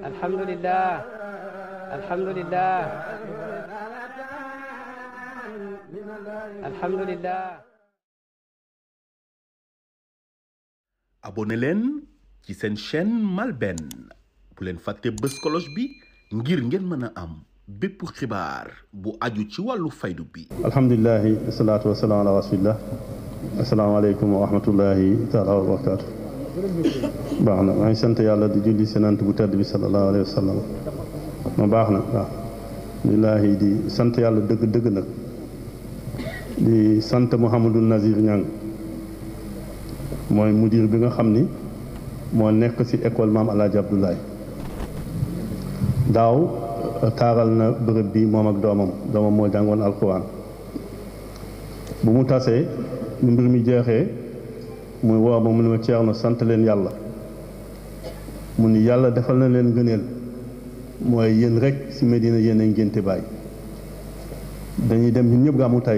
alhamdulilah alhamdulilah alhamdulilah abonné leen ci seen chaîne MALBN bu leen fàtte bës cloche bi ngir ngeen mën a am bépp xibaar bu aju ci wàllu faydu bi alhamdulilahi wasalaatu wasalaam ala rasulillah asalaamaaleykum wa rahmatullahi taala wa barakatu baax na maa sant yàlla di julli senant bu tedd bi sallallahu alayhi wa sallam baax na waaw billaahi di sant yàlla dëgg dëgg nag di sant Mouhamadou Nazir Niang mooy mudir bi nga xam ni moo nekk ci école maam Alaaji Abdoulaye daaw taaral na bërëb bi moom ak doomam doomam moo jàngoon alquran bu mu tasee mbir mi jeexee muy woo ma mu ne ma Ceerno sant leen yàlla mu ni yàlla defal na leen gëneel mooy yéen rek si Medina yéen a ngénte bàyyi dañuy dem ñun ñëpp gàmmu ba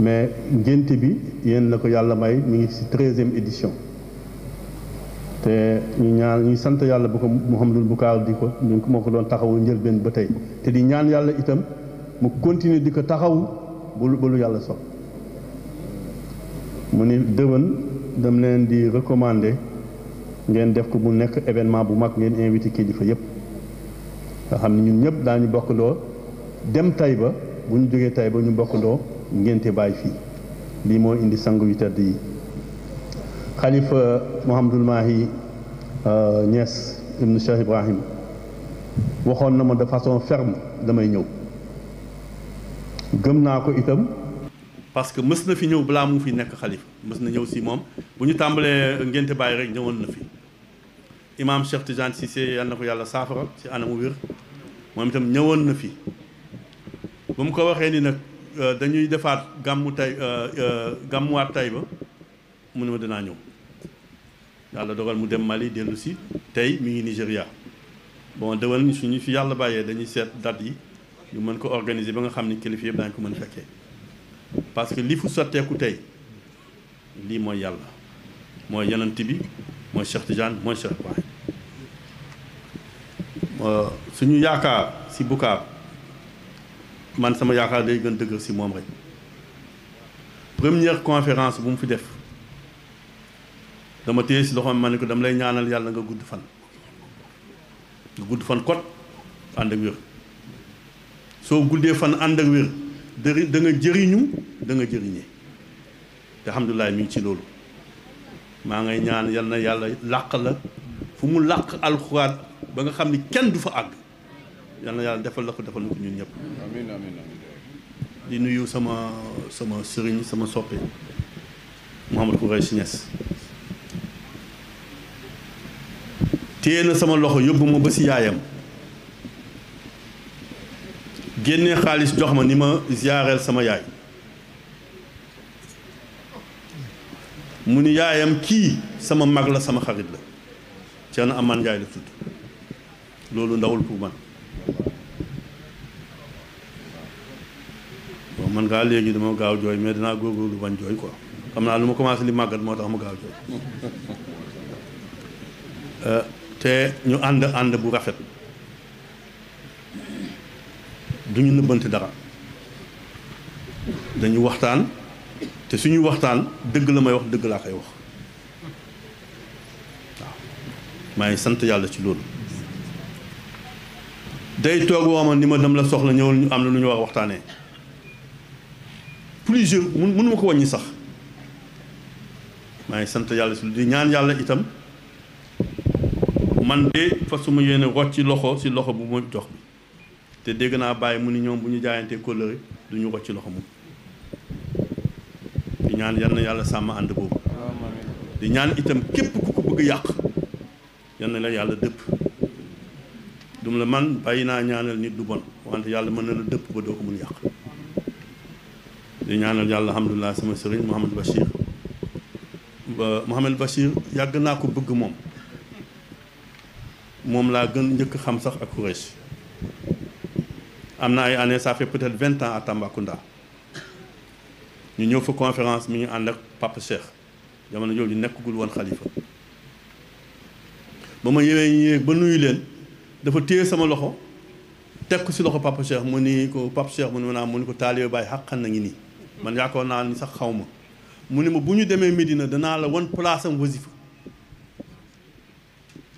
mais ngénte bi yéen na ko yàlla may mu ngi ci treizième édition te ñu ñaan ñuy sant yàlla bu ko Mouhamadul Bukaar di ko ñu moo ko doon taxawu njëlbeen ba tey te di ñaan yàlla itam mu continuer di ko taxawu ba lu yàlla sopp mu ne dëwën dam leen di recommander ngeen def ko mu nekk événement bu mag ngeen invité kilifa yëpp nga xam ne ñun ñëpp daañu bokkandoo dem Taïba bu ñu jógee ba ñu bokkandoo ngénte bàyyi fii lii moo indi sangu yu tedd yi xalifa Mouhamadul Mahi euh, Niass ibnu Cheikh Ibrahim waxoon na ma de façon ferme damay ñëw gëm naa ko itam parce que mës na fi ñëw balaa mu fi nekk xalifa mës na ñëw si moom bu ñu tàmbalee ngénte bàyyi rek ñëwoon na fi imaam Cheikh Tidiane Cissé yal na ko yàlla saafara si anamu wér moom itam ñëwoon na fi ba mu ko waxee ni nag euh, dañuy defaat gàmmu tay euh, euh, gàmmuwaat tay ba mu ne ma dinaa ñëw yàlla dogal mu dem Mali dellu si tey mu ngi Nigéria boo dewal ni suñu fi yàlla bàyyee dañuy seet date yi ñu mën ko organiser ba nga xam ni kilifa yëpp daañu ko mën fekkee parce que li fu sotteeku tey lii mooy yàlla mooy yonent bi mooy Cheikh Tidiane mooy Cheikh Ibrahim euh, suñu yaakaar si Bukaab man sama yaakaar day gën dëgër si moom rek première conférence bu mu fi def dama téye si loxoom ma ne ko dama lay ñaanal yàlla nga gudd fan nga gudd fan kot ànd ak wér soo guddee fan ànd ak wér dëri da jëriñu da nga jëriñee te alhamdulilah mi ngi ci loolu maa ngay ñaan yal na yàlla làq la fu mu làq alxuraan ba nga xam ni kenn du fa àgg yal na yàlla defal la ko defal na ko ñun ñëpp amiin amiin amiin di nuyu sama sama sëriñ sama soppe Mouhamadou Khoureychi Niass téye na sama loxo yóbbu ma ba si yaayam génne xaalis jox ma ni ma ziyaareel sama yaay mu ni yaayam kii sama mag la sama xarit la Thierno Amane Ndiaye la tudd loolu ndawul pour man bon man ngaa léegi dama gaaw jooy mais dinaa lu bañ jooy ko xam naa lu ma commencé li màggat moo tax ma gaaw jooy euh, te ñu ànd ànd bu rafet duñu nëbbanti dara dañu waxtaan te suñu waxtaan dëgg la may wax dëgg laa koy wax waaw maa ngi sant yàlla ci loolu day toog woo ma ni ma dem la soxla ñëwal ñu am na lu ñu wax waxtaanee plusieurs mun mënu ko wàññi sax maa ngi sant yàlla si di ñaan yàlla itam man de fasuma yéene rocc ci loxo si loxo bu muy jox bi te dégg naa bàyyi mu ni ñoom bu ñu jaayantee kóllëre du ñu wàcc loxo moom di ñaan yal yàlla sàmm ànd boobu di ñaan itam képp ku ko bëgg yàq yal na la yàlla dëpp dum la man bàyyi naa ñaanal nit du bon wante yàlla mën na la dëpp ba doo ko mun yàq di ñaanal yàlla alhamdulilah sama sëriñ Mouhamad Bachir ba Mouhamad yàgg naa ko bëgg moom moom laa gën njëkk xam sax ak Quraysh am na ay années ça fait peut-être vingt ans à ñu ñëw fa conférence mi ñu ànd ak Papa Cheikh jamono jooju nekkagul woon xalifa ba ma yëwee ba nuyu leen dafa téye sama loxo teg si loxo Papa Cheikh mu ni ko Papa Cheikh mu ne ma ni ko taalibe Baay xaqan na ngi nii man yaakaar naa ni sax xaw mu ne ma bu ñu demee Medina danaa la wan place am wasifa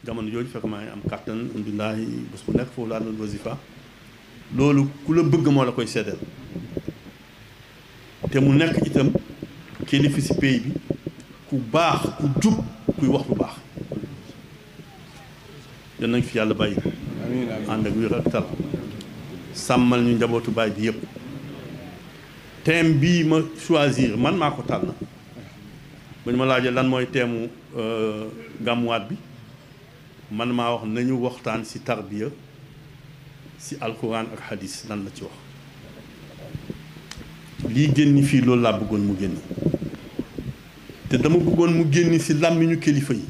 jamono jooju fekk maa ngi am kàttan alhamdulilah bés bu nekk foofu laa doon wasifa loolu ku la bëgg moo la koy seddal te mu nekk itam kilifa si pays bi ku baax ku jub kuy wax lu baax yal nañ fi yàlla bàyyi ànd ak wér ak tal sàmmal ñu njabootu baay bi yëpp thème bii ma choisir man maa ko tànn bu ñu ma laajee lan mooy teemu euh, gàmmuwaat bi man maa wax nañu waxtaan ci tarbiya ci alquran ak xadis lan la ci wax lii génn fii loolu laa bëggoon mu génn te dama bëggoon mu génn ci làmmiñu kilifa yi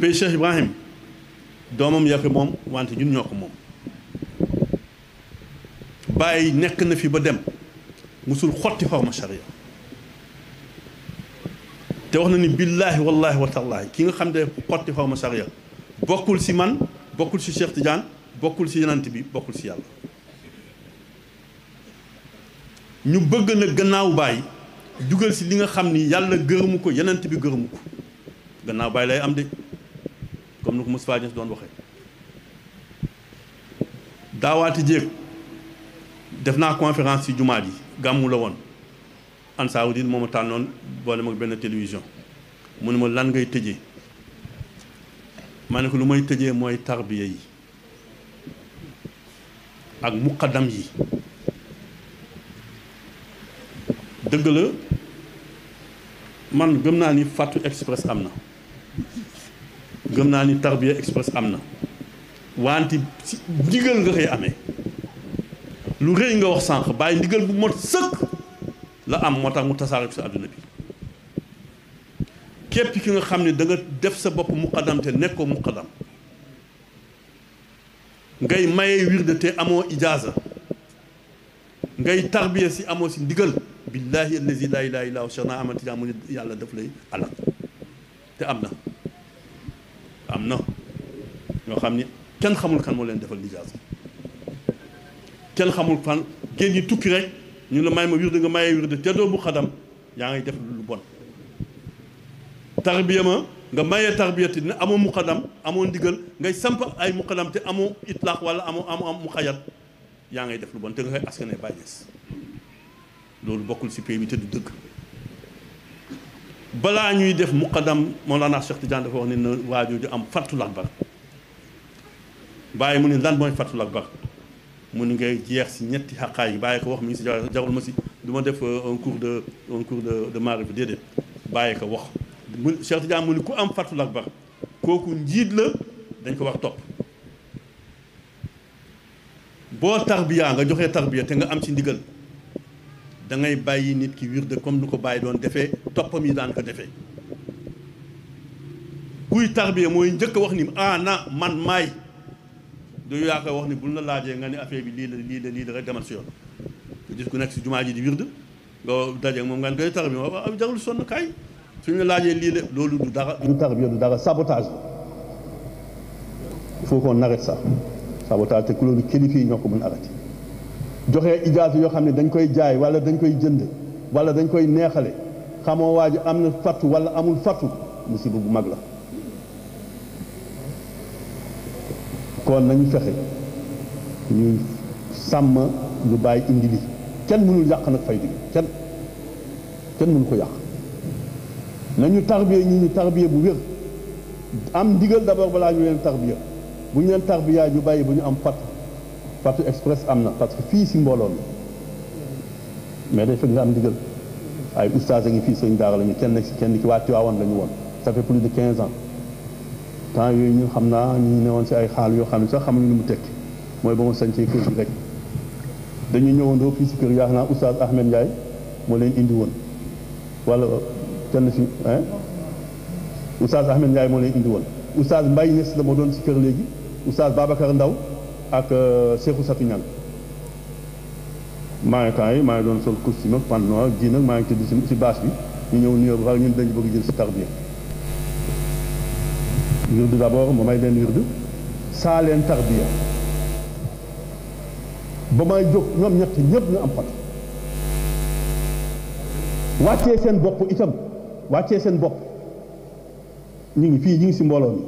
pay Cheikh Ibrahim doomam yaa ko moom wante ñun ñoo moom bàyyi nekk na fi ba dem musul xotti xorma sharia te wax na ni billaahi wallaahi wa tallaahi ki nga xam ne xotti xorma sharia bokkul ci man bokkul ci Cheikh Tidiane bokkul ci yonent bi bokkul ci yàlla ñu bëgg na gannaaw baay jugal ci li nga xam ni yàlla gërëmu ko yonent bi gërëmu ko gannaaw baay lay am de comme ni ko Moustapha Niasse doon waxee daawaati jéeg def naa conférence ci jumaat yi gàmmu la woon Ansaarud Din moom a tànnoon boole ma benn télévision mu ne ma lan ngay tëje ma ne ko lu may tëjee mooy tarbiya yi ak muqaddam yi dëgg la man gëm naa ni Fatou Express am na gëm naa ni tarbiya express am na wante si ndigal nga koy ame lu rëy nga wax sànq bàyyi ndigal bu mot sëkk la am moo tax mu tasaare ci àdduna bi képp ki nga xam ne danga def sa bopp muqaddam te nekkoo muqaddam ngay maye wirde te amoo ijaaza ngay tarbiya si amoo si ndigal billahi allazi laa ilaaha illaa huwa Seexna yàlla daf lay alal am na am na ñoo xam ni kenn xamul kan moo leen defal lijaaza kenn xamul fan génn yi tukki rek ñu la may ma wirde nga mayee wirde te doo bu xadam yaa ngay def tarbiya ma nga maye tarbiyati ne amoo muqadam amoo ndigal ngay samp ay muqadam te amoo itlaax wala amoo amoo mu muqayyad yaa ngay def lu bon te nga koy askane Baye Niass bokkul si pays bi te du dëgg balaa ñuy def muqadam Mawlana Cheikh Tidiane dafa wax am fàttul bàyyi mu ne lan mooy fàttul akbar mu ni ngay jeex si ñetti xaqaay yi bàyyi ko wax mi ngi si jarul ma si duma def euh, un cours de un cours de de maarif déedéet bàyyi ko wax mu Cheikh Tidiane mu ni ku am fàttul akbar kooku njiit la dañ ko wax topp boo tarbiyaa nga joxe tarbiya te nga am si ndigal dangay bàyyi nit ki wirde comme nu ko bàyyi doon defee toppam yi daan ko defee kuy tarbiya mooy njëkk wax ni ana ah, man maay du yaa koy wax ni buñ la laajee nga ne affaire bi lii la lii la lii la rek demal si yoon gis ku nekk si jumaa ji di wirde nga daje moom nga koy tarbiya waaw jarul sonn kaay su ñu laajee lii de loolu du dara. du tarbiya du dara sabotage il faut qu'on arrête ça te ku loolu kilifa yi ñoo ko mën arrêté joxe ijaasa yoo xam ne dañ koy jaay wala dañ koy jënd wala dañ koy neexale xamoo waa ji am na fattu wala amul fattu musiba bu mag la koon nañu fexe ñu sàmm ñu bàyyi indi li kenn mënul yàq nag fay digg kenn kenn mënu ko yàq nañu tarbiya ñi ñu tarbiya bu wér am ndigal d'abord balaa ñu leen tarbiya bu ñu leen tarbiya ñu bàyyi bu ñu am fatu fatu express am na parce que fii si mbooloo la mais de fekk nga am ndigal ay oustaz a ngi fii sëñ daara la ñu kenn si kenn ki waat Tiwaawan la ñu woon ça fait plus de quinze ans temps yooyu ñun xam naa ñu newoon si ay xaal yoo xam ne sax xam xamuñu lu mu tekki mooy ba ma sañcee kër gi rek dañu ñëwandoo fii si kër yaa naa oustaz Ahmed Ndiaye moo leen indi kenn si hein oustaz Ahmed Ndiaye moo leen indiwoon woon mbay Mbaye la moo doon si kër léegi oustaz Babacar Ndaw ak euh, Cheikhou Satou Niang maa yi maa ngi doon sol costume ak pantalon noir ji tëdd si si bâche bi ñu ñëw nuyoo ba ñun dañu bëgg jël si tarbiya wirdu d'abord ma may leen wirdu saa leen tarbiya ba may jóg ñoom ñett ñëpp ñu am xot wàccee seen bopp itam wàcce seen bopp ñu ngi fii ñu ngi si mbooloo mi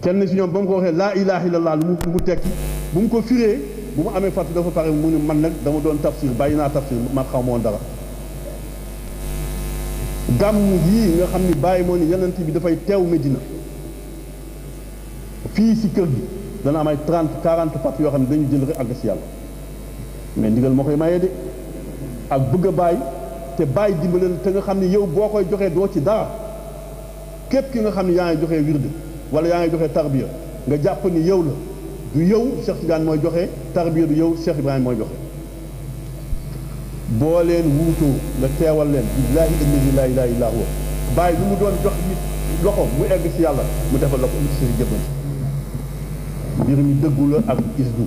kenn si ñoom ba mu ko waxee laa ilaha illallah lu mu lu mu tekki bu mu ko firee bu mu amee fàttali dafa pare mu ne man nag dama doon tafsir bàyyi naa tafsir man xaw ma woon dara gàmm yii nga xam ni bàyyi moo ni yonent bi dafay teew Medina fii si kër gi dana am trent quarante pat yoo xam ne dañu jël rek àgg si yàlla mais ndigal moo koy mayee de ak bëgg a bàyyi te bàyyi dimbale la te nga xam ne yow boo koy joxee doo ci dara képp ki nga xam ne yaa ngi joxee wirde wala yaa ngi joxee tarbiya nga jàpp ni yow la du yow Cheikh Tidiane mooy joxe tarbiya du yow Cheikh Ibrahima mooy joxe boo leen wuutoo nga teewal leen billaahi alladi laa ilaaha illaa huwa bàyyi lu mu doon jox nit loxo mu egg ci yàlla mu defal la ko si jëppal mbir mi dëggu ak isdu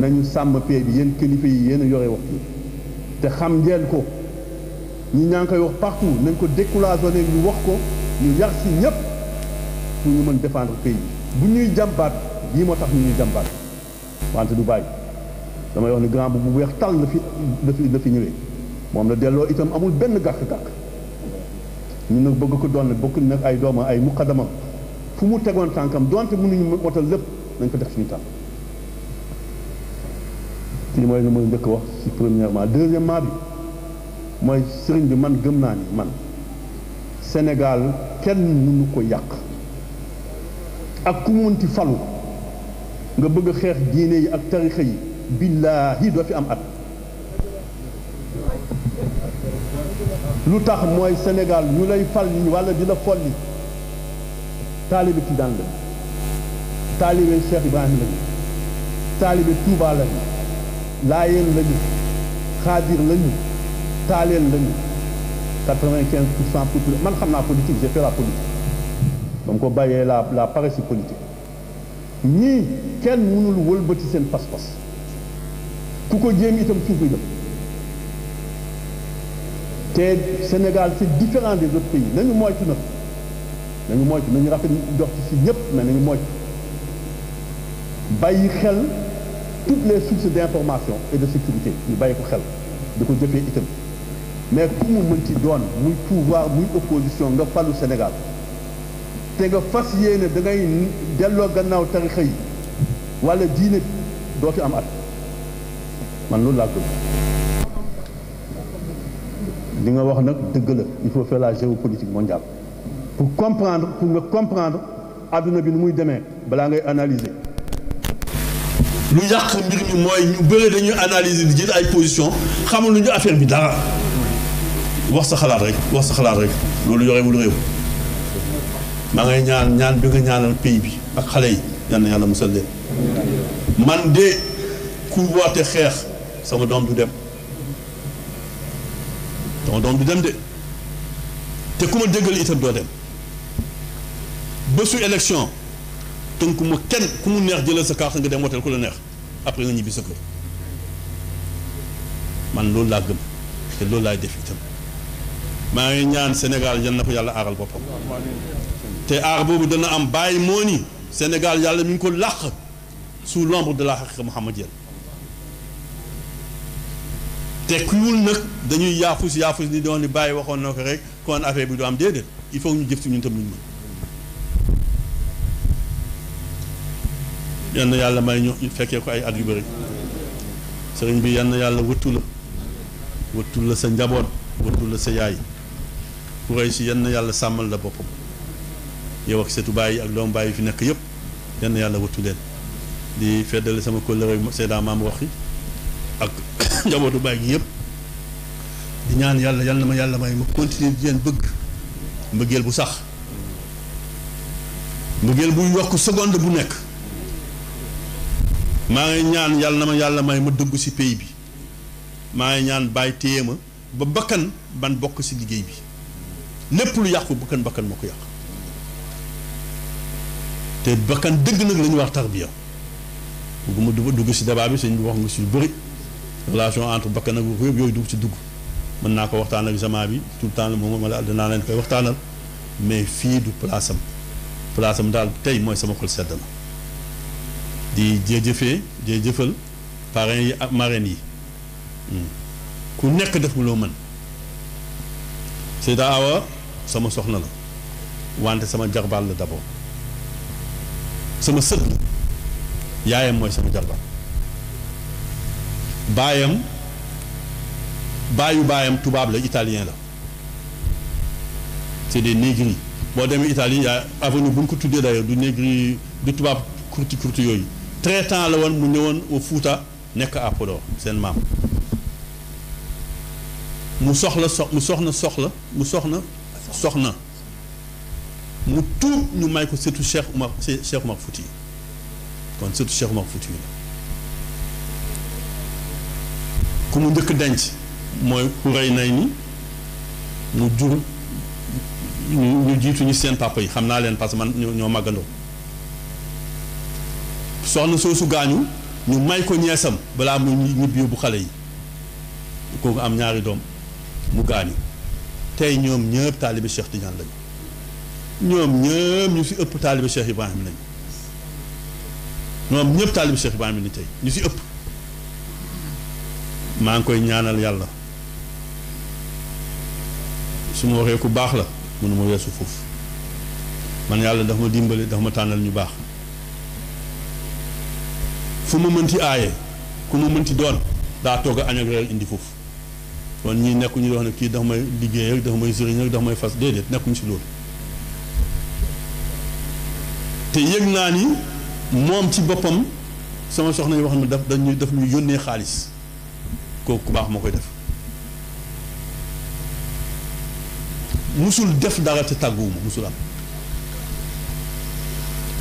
nañu sàmm pee bi yéen kilifa yi yéen a yore waxtu te xam ngeen ko ñi ñaa ngi koy wax partout nañ ko décloisonné ñu wax ko ñu yar si ñëpp pour ñu mën défendre pays bu ñuy jàmbaat lii moo tax ñu ñuy jàmbaat wante du bàyyi damay wax ni grand bu bu weex tal la fi la fi la ñëwee moom la delloo itam amul benn gàkk-gàkk ñu nag bëgg ko doon bokk nag ay doomam ay muqaddamam fu mu tegoon tànkam donte mënuñu motal lépp nañ ko def suñu tànk li mooy li mooy njëkk wax ci premièrement deuxièmement bi mooy sëriñ bi man gëm naa ni man Sénégal kenn mënu ko yàq ak ku munti falu nga bëgg a xeex diine yi ak tarixa yi billaahi doo fi am at lu tax mooy Sénégal ñu lay fal ni wala di la folli taalibe Tijaan lañu taalibe Cheikh Ibrahima lañu taalibe Touba lañu laayeen lañu xaadir lañu taaleen lañu quatre-vingt-quinze pour cent man xam naa politique j'ai fait la politique dama ko bàyyee la la paresse politique ñii kenn mënul wëlbati seen pas ku ko jéem itam suuf bi dem te Sénégal c'est différent des autres pays nañu moytu nag nañu moytu nañu rafet dox ci si ñëpp mais nañu moytu bàyyi xel toutes les sources d'information et de sécurité ñu bàyyi ko xel di ko jëfee itam mais ku mu mënti doon muy pouvoir muy opposition nga fàllu Sénégal te nga fas yéene da ngay delloo gannaaw tarixa yi wala diine doo fi am at man loolu laa gëm li nga wax nag dëgg la il faut faire la géopolitique mondiale pour comprendre pour nga comprendre àdduna bi nu muy demee balaa ngay analyser lu yàq mbir mi mooy ñu bëre dañuy analyser di jël ay position xamul lu ñu affaire bi dara wax sa xalaat rek wax sa xalaat rek loolu yorewul réew maa ngay ñaan ñaan bi nga ñaanal pays bi ak xale yi yal yàlla musal leen man de ku woote xeex sama doom du dem sama doom du dem de te ku ma déggal itam doo dem bésu élection tënku ma kenn ku mu neex jëlal sa carte nga dem woteel ku la neex après nga ñibbi sa kër man loolu laa gëm te loolu laay def itam maa ngi ñaan senegal yal na ko yàlla aaral boppam te aar boobu dana am bàyyi moo ni Sénégal yàlla mi ngi ko làq sous l'ombre de la haqiqa muhammadienne tekkiwul nag dañuy yaafus yaafus ni doon ni bàyyi waxoon na ko rek kon affaire bi du am déedéet il faut ñu jëf si ñun tam ñu mën yan na yàlla may ñu fekkee ko ay at yu bëri sëriñ bi yan yàlla wëttu la la sa njaboot wëttu la sa yaay Quraysh yan na yàlla sàmmal la boppam yow ak setu baay yi ak doomu baay fi nekk yëpp yan yàlla wëttu leen di feddale sama kóllëre Seyda Maam Roxi ak njabootu baay yëpp di ñaan yàlla yal na ma yàlla may ma continuer di leen bëgg mbëggeel bu sax mbëggeel buy yokk seconde bu nekk maa ngi ñaan yàlla na ma yàlla may ma dugg ci pays bi maa ngi ñaan bàyyi téye ma ba bakkan ban bokk ci liggéey bi lépp lu yàqu bakkan bakkan moo ko yàq te bakkan dëgg nag la ñu wax tarbiya bugguma dugg ci débat bi sëñ bi wax nga ci lu bëri relation entre bakkan ak yëpp yooyu dugg ci dugg mën naa ko waxtaan ak jamaa bi tout le temps moom la danaa leen koy waxtaanal mais fii du place am place daal tey mooy sama xol sedd na di jëjëfee jëjëfal parrains yi ak maren yi hmm. ku nekk def loo mën Seyda Awa sama soxna la wante sama jarbaal la d'abord sama sët la yaayam mooy sama jarbaal baayam baayu baayam tubaab la italien la c'est des négri boo demee Italie yaa avenue bu ñu ko tuddee d'ailleurs du négri du tubaab kurti kurti yooyu traitant la woon mu ñëwoon au Fouta nekk à seen maam mu soxla sox mu soxna soxla mu soxna soxna mu tuub ñu may ko setu Cheikh Oumar Cheikh Oumar Fouti kon surtout Cheikh Oumar Fouti la ku mu njëkk denc mooy xuray nay ni mu jur ñu jiitu ñu seen papa yi xam naa leen parce que man ñoo màggandoo soxna soosu gaañu ñu may ko ñeesam balaa mu ñibbi bu xale yi kooku am ñaari doom mu gaañu tey ñoom ñëpp taalibe Cheikh Tidiane lañu ñoom si ëpp taalibe Cheikh Ibrahim lañu ñoom ñëpp taalibe Cheikh Ibrahim lañu tey ñu si ëpp maa ngi koy ñaanal yàlla su ma waxee ku baax la mënuma weesu foofu man yàlla dafa ma dimbali dafa ma tànnal ñu baax fu mu mënti aaye ku mu mënti doon daa toog a añ indi foofu kon ñi nekkuñu loo xam ne kii dafa may liggéey ak dafa may sëriñ ak dafa may fas déedéet nekkuñu si loolu te naa ni moom ci boppam sama soxna yi wax na daf dañuy daf ñu yónnee xaalis kooku ku baax moo koy def musul def dara te tàgguwuma musul am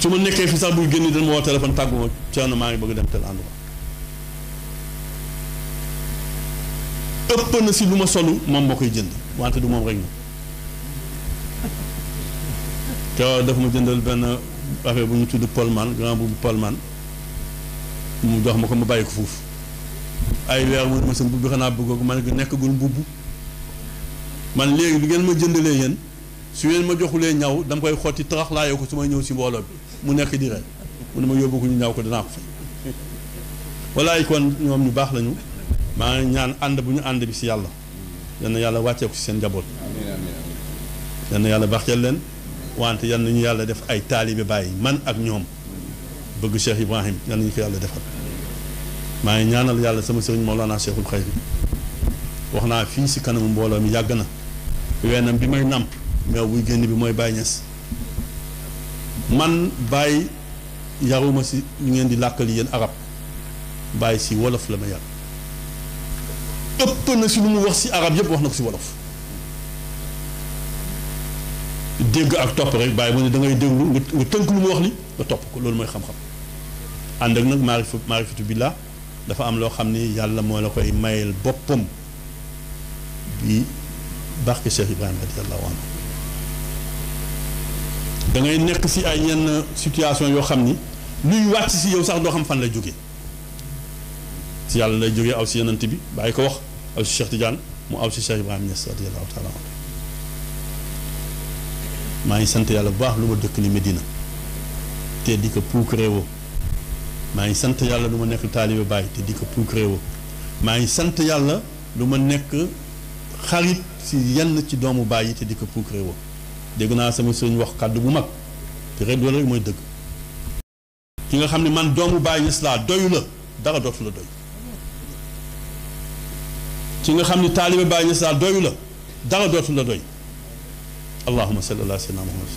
su ma nekkee fi sax buy génn dana ma woo téléphone tàggu ma Thierno maa ëpp na si lu ma solu moom moo koy jënd wante du moom rek na te dafa ma jëndal benn affaire bu ñu tudd Polman grand bu Polman mu jox ma ko ma bàyyi ko foofu ay weer mu ne ma sa mbubb bi xanaa bëggoo ko ma ne ko nekkagul mbubb man léegi lu ngeen ma jëndalee yéen su ngeen ma joxulee ñaw dama koy xotti taraxlaayoo ko su may ñëw si mbooloo bi mu nekk di rek mu ne ma yóbbu ko ñu ñaaw ko danaa ko fay walaay kon ñoom ñu baax lañu maa ngi ñaan ànd bu ñu ànd bi si yàlla yal na yàlla wàccee si seen njaboot yal na yàlla baaxeel leen wante yan nañu yàlla def ay taalibe bàyyi man ak ñoom bëgg Cheikh Ibrahim yal nañu ko yàlla defal maa ngi ñaanal yàlla sama sëriñ Mawlana Cheikhul Khayri wax naa fii si kanamu mbooloo mi yàgg na weenam bi may nàmp meew buy génn bi mooy Baye man bàyyi yaruma si ñu ngeen di làkkali yéen arab bàyyi si wolof la ma yar ëpp na si lu mu wax si arab yëpp wax na ko si wolof dégg ak topp rek bàyyi mu ne dangay ngay déglu nga tënk lu mu wax li nga topp ko loolu mooy xam-xam ànd ak nag maarifa maarifatu billah dafa am loo xam ni yàlla moo la koy mayel boppam bi barke Cheikh Ibrahima radiyallahu anhu da nekk si ay yenn situation yoo xam ni luy wàcc si yow sax doo xam fan lay jóge si yàlla lay jóge aw si yonent bi bàyyi ko wax aw si Cheikh Tidiane mu aw si Cheikh Ibrahima Niass radiyallahu taala maa ngi sant yàlla bu baax lu ma dëkk ni Medina te di ko puukaree maa ngi sant yàlla lu ma nekk taalibe Baay te di ko puukaree woo maa ngi sant yàlla lu ma nekk xarit si yenn ci doomu Baay yi te di ko puukaree woo dégg naa sama sëñ wax kàddu bu mag te rek loolu rek mooy dëgg ki nga xam ne man doomu Baay Ñas laa doyu la dara dootu la doy ki nga xam ne taalibe Baay Ñas laa doyu la dara dootu la doy allahuma salli ala sayyidina muhammad